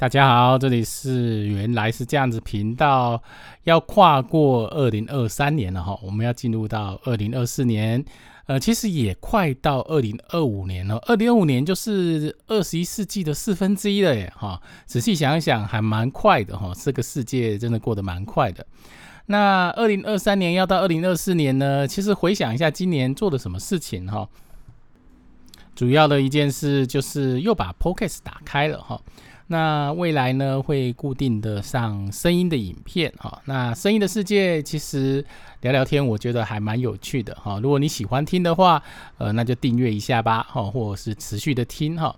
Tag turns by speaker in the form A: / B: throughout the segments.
A: 大家好，這裡是原來是這樣子頻道。要跨過二零二三年了哈，我們要進入到二零二四年，呃，其實也快到二零二五年了。二零二五年就是二十一世紀的四分之一了耶哈、哦。仔細想一想，還蠻快的哈、哦，這個世界真的過得蠻快的。那二零二三年要到二零二四年呢？其實回想一下，今年做了什麼事情哈、哦？主要的一件事就是又把 Podcast 打開了哈。哦那未來呢，會固定的上聲音的影片哈。那聲音的世界其實聊聊天，我覺得還蠻有趣的哈。如果你喜歡聽的話，呃，那就訂閱一下吧哈，或者是持續的聽哈。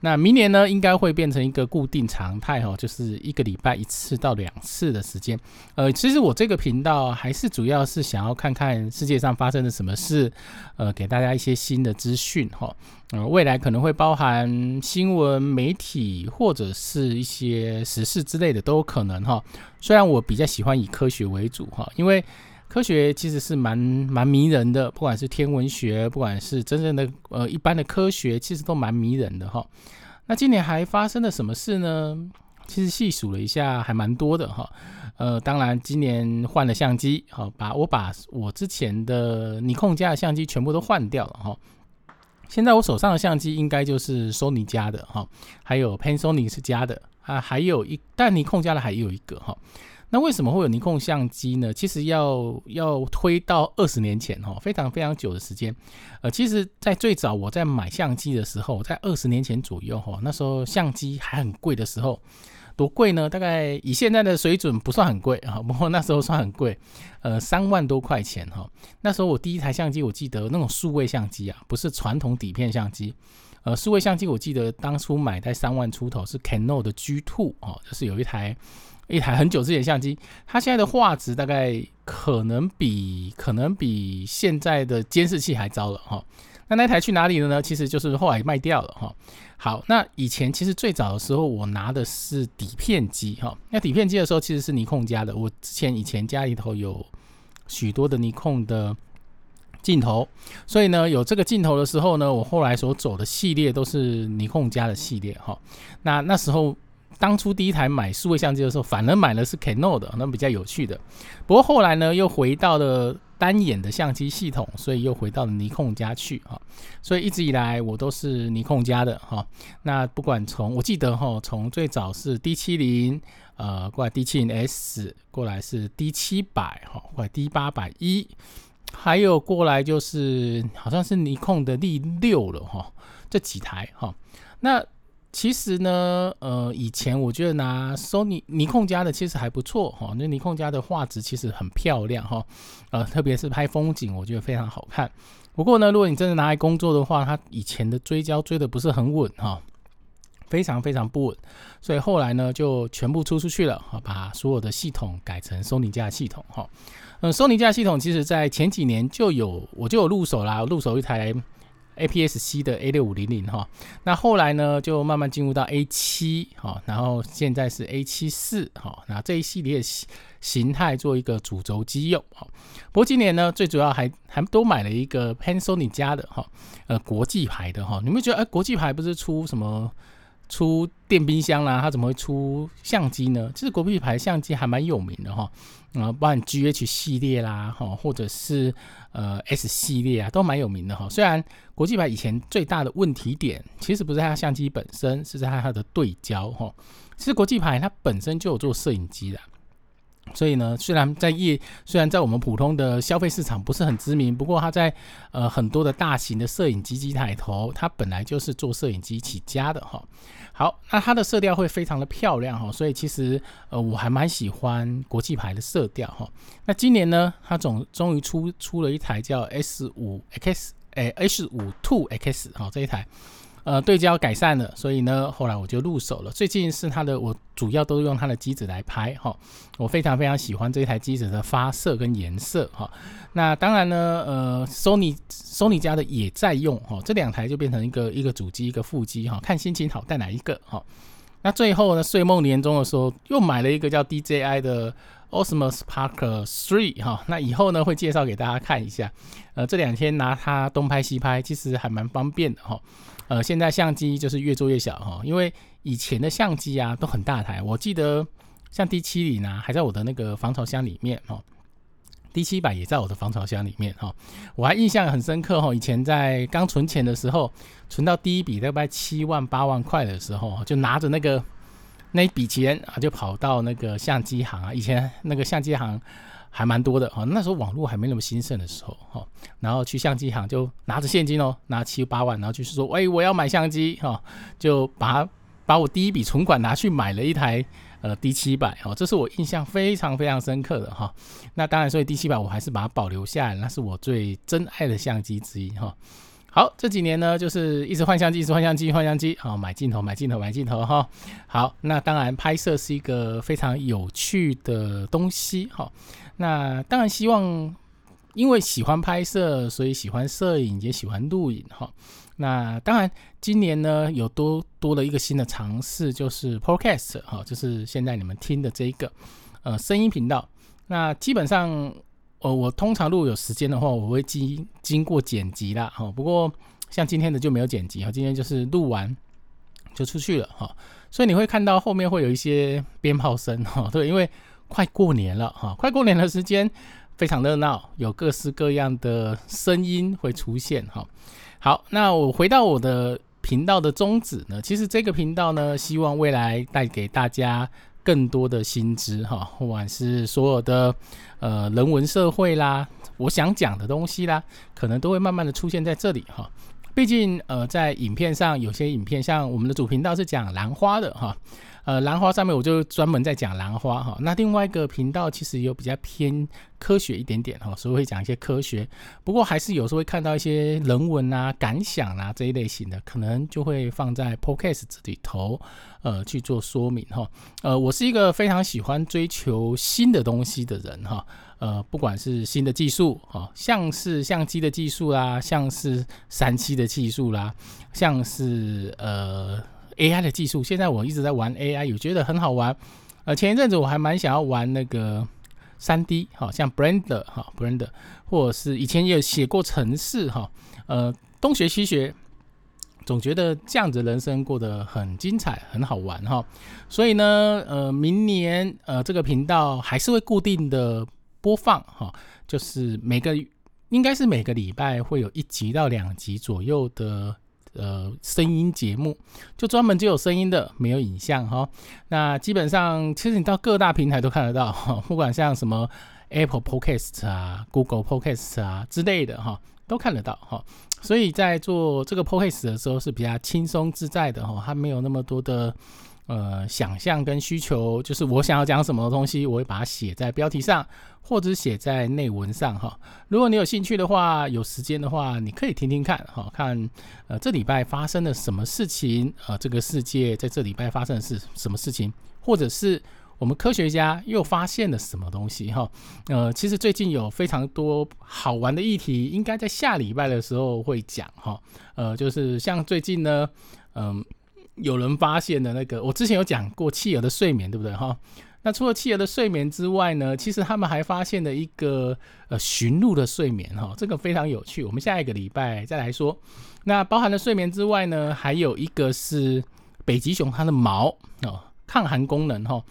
A: 那明年呢，應該會變成一個固定常態哈，就是一個禮拜一次到兩次的時間。呃，其實我這個頻道還是主要是想要看看世界上發生了什麼事，呃，給大家一些新的資訊哈。嗯，未來可能會包含新聞、媒體或者是一些時事之類的都有可能哈。雖然我比較喜歡以科學為主哈，因為科學其實是蠻蠻迷人的，不管是天文學，不管是真正的呃一般的科學，其實都蠻迷人的哈。那今年還發生了什麼事呢？其實細數了一下，還蠻多的哈。呃，當然今年換了相機哈，把我把我之前的尼康家的相機全部都換掉了哈。現在我手上的相機應該就是 Sony 家的哈，還有 Panasonic 是家的啊，還有一但尼康家的還有一個哈。那為什麼會有尼康相機呢？其實要要推到二十年前哈，非常非常久的時間。呃，其實，在最早我在買相機的時候，在二十年前左右哈，那時候相機還很貴的時候。多貴呢？大概以現在的水準不算很貴啊，不過那時候算很貴，呃，三萬多塊錢哈。那時候我第一台相機，我記得那種數位相機啊，不是傳統底片相機，呃，數位相機，我記得當初買在三萬出頭是 Canon 的 G2 哦，就是有一台一台很久之前的相機，它現在的畫質大概可能比可能比現在的監視器還糟了哈。那那台去哪裡了呢？其實就是後來賣掉了哈。好，那以前其實最早的時候我拿的是底片機哈。那底片機的時候其實是尼康家的，我之前以前家裡頭有許多的尼康的鏡頭，所以呢有這個鏡頭的時候呢，我後來所走的系列都是尼康家的系列哈。那那時候。當初第一台買數位相機的時候，反而買了是 Canon 的，那比較有趣的。不過後來呢，又回到了單眼的相機系統，所以又回到了尼控家去哈、啊，所以一直以來我都是尼控家的哈、啊。那不管從我記得哈、啊，從最早是 D 七零，呃，過來 D 七零 S，過來是 D 七百哈，過來 D 八百一，還有過來就是好像是尼控的 D 六了哈、啊，這幾台哈、啊。那。其實呢，呃，以前我覺得拿索尼尼康家的其實還不錯哈、哦，那尼康家的畫質其實很漂亮哈、哦，呃，特別是拍風景，我覺得非常好看。不過呢，如果你真的拿來工作的話，它以前的追焦追的不是很穩哈、哦，非常非常不穩，所以後來呢，就全部出出去了，把所有的系統改成索尼家系統哈。嗯、哦，呃、索尼家系統其實在前幾年就有，我就有入手啦，我入手一台。APS C 的 A 六五零零哈，那後來呢，就慢慢進入到 A 七哈，然後現在是 A 七四哈，那這一系列形形態做一個主軸機用哈。不過今年呢，最主要還還都買了一個 Panasonic 家的哈，呃，國際牌的哈，你們覺得哎、呃，國際牌不是出什麼？出電冰箱啦、啊，它怎麼會出相機呢？其實國際牌相機還蠻有名的哈、哦，啊、嗯，包含 GH 系列啦，哈，或者是呃 S 系列啊，都蠻有名的哈、哦。雖然國際牌以前最大的問題點，其實不是它相機本身，是在它的對焦吼、哦。其實國際牌它本身就有做攝影機的、啊。所以呢，雖然在業，雖然在我們普通的消費市場不是很知名，不過它在呃很多的大型的攝影機機台頭，它本來就是做攝影機起家的哈、哦。好，那它的色調會非常的漂亮哈、哦，所以其實呃我還蠻喜歡國際牌的色調哈、哦。那今年呢，它總終於出出了一台叫 S 五 X 哎、欸、H 五 Two X 好、哦、這一台。呃，對焦改善了，所以呢，後來我就入手了。最近是它的，我主要都用它的機子來拍哈、哦。我非常非常喜歡這台機子的發色跟顏色哈、哦。那當然呢，呃，Sony Sony 家的也在用哈、哦。這兩台就變成一個一個主機一個副機哈、哦，看心情好帶哪一個哈、哦。那最後呢，歲末年終的時候又買了一個叫 DJI 的 Osmo Pocket 3哈、哦。那以後呢會介紹給大家看一下。呃，這兩天拿它東拍西拍，其實還蠻方便的哈。哦。呃，現在相機就是越做越小哈，因為以前的相機啊都很大台，我記得像 D70、啊、呢，還在我的那個防潮箱裡面哈、哦、，D700 也在我的防潮箱裡面哈、哦，我還印象很深刻哈，以前在剛存錢的時候，存到第一筆大概七萬八萬塊的時候，就拿着那個那一筆錢啊就跑到那個相機行啊，以前那個相機行。還蠻多的哈，那時候網絡還沒那麼興盛的時候哈，然後去相機行就拿着現金哦，拿七八萬，然後就是說，哎，我要買相機哈，就把把我第一筆存款拿去買了一台呃 D 七百哦，這是我印象非常非常深刻的哈。那當然，所以 D 七百我還是把它保留下來，那是我最珍愛的相機之一哈。好，這幾年呢就是一直換相機，一直換相機，換相機，換相機啊，買鏡頭，買鏡頭，買鏡頭哈。好，那當然拍攝是一個非常有趣的東西哈。那當然希望，因為喜歡拍攝，所以喜歡攝影，也喜歡錄影哈、哦。那當然，今年呢有多多了一個新的嘗試，就是 Podcast 哈，就是現在你們聽的這一個呃聲音頻道。那基本上，我通常錄有時間的話，我會經經過剪輯啦哈。不過像今天的就沒有剪輯啊，今天就是錄完就出去了哈。所以你會看到後面會有一些鞭炮聲哈，對，因為。快過年了哈、哦，快過年的時間非常熱鬧，有各式各樣的聲音會出現哈、哦。好，那我回到我的頻道的宗旨呢？其實這個頻道呢，希望未來帶給大家更多的新知哈，不管是所有的呃人文社會啦，我想講的東西啦，可能都會慢慢的出現在這裡哈。畢竟呃，在影片上有些影片，像我們的主頻道是講蘭花的哈。哦呃，蘭花上面我就專門在講蘭花哈、哦。那另外一個頻道其實也有比較偏科學一點點哈、哦，所以會講一些科學。不過還是有時候會看到一些人文啊、感想啊這一類型的，可能就會放在 Podcast 這裡頭，呃，去做說明哈、哦。呃，我是一個非常喜歡追求新的東西的人哈、哦。呃，不管是新的技術哈、哦，像是相機的技術啦、啊，像是三七的技術啦、啊，像是呃。AI 的技術，現在我一直在玩 AI，也覺得很好玩。呃，前一陣子我還蠻想要玩那個三 D，好像 Blender 哈，Blender，或者是以前也有寫過程式哈、哦。呃，東學西學，總覺得這樣子人生過得很精彩，很好玩哈、哦。所以呢，呃，明年呃這個頻道還是會固定的播放哈、哦，就是每個應該是每個禮拜會有一集到兩集左右的。呃，聲音節目就專門就有聲音的，沒有影像哈、哦。那基本上，其實你到各大平台都看得到哈，不管像什麼 Apple Podcast 啊、Google Podcast 啊之類的哈，都看得到哈。所以在做這個 Podcast 的時候是比較輕鬆自在的哈，它沒有那麼多的。呃，想象跟需求就是我想要講什麼東西，我會把它寫在標題上，或者寫在內文上哈。如果你有興趣的話，有時間的話，你可以聽聽看，哈，看。呃，這禮拜發生了什麼事情，呃，這個世界在這禮拜發生的是什麼事情，或者是我們科學家又發現了什麼東西哈？呃，其實最近有非常多好玩的議題，應該在下禮拜的時候會講哈。呃，就是像最近呢，嗯、呃。有人發現的那個，我之前有講過企鵝的睡眠，對不對哈？那除了企鵝的睡眠之外呢，其實他們還發現了一個呃馴鹿的睡眠哈，這個非常有趣。我們下一個禮拜再來說。那包含了睡眠之外呢，還有一個是北極熊它的毛哦，抗寒功能哈，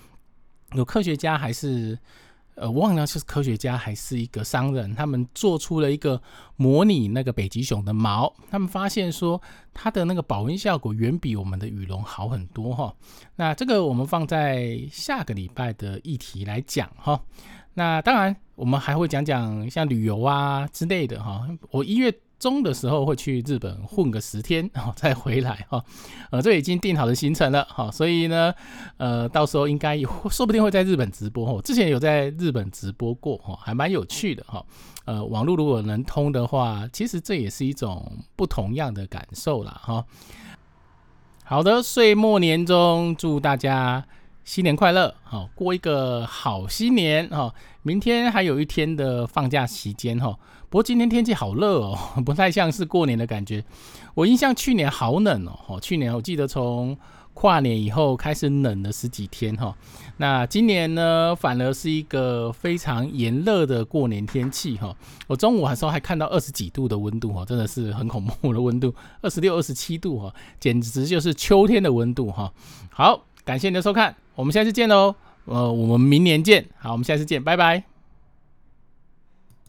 A: 有科學家還是。呃，我忘了是科學家還是一個商人，他們做出了一個模擬那個北極熊的毛，他們發現說它的那個保溫效果遠比我們的羽絨好很多哈。那這個我們放在下個禮拜的議題來講哈。那當然我們還會講講像旅遊啊之類的哈。我一月。中的時候會去日本混個十天，再回來哈、哦，呃，這已經定好的行程了，哈、哦，所以呢，呃，到時候應該有，說不定會在日本直播，哦，之前有在日本直播過，哈、哦，還蠻有趣的，哈、哦，呃，網絡如果能通的話，其實這也是一種不同樣的感受啦。哈、哦。好的，歲末年終，祝大家。新年快樂！好、哦，過一個好新年！哈、哦，明天還有一天的放假時間哈、哦。不過今天天氣好熱哦，不太像是過年的感覺。我印象去年好冷哦，哦，去年我記得從跨年以後開始冷了十幾天哈、哦。那今年呢，反而是一個非常炎熱的過年天氣哈、哦。我中午的時候還看到二十幾度的溫度哈、哦，真的是很恐怖的溫度，二十六、二十七度哈，簡直就是秋天的溫度哈、哦。好。感謝您的收看，我們下次見嘍。呃，我們明年見。好，我們下次見，拜拜。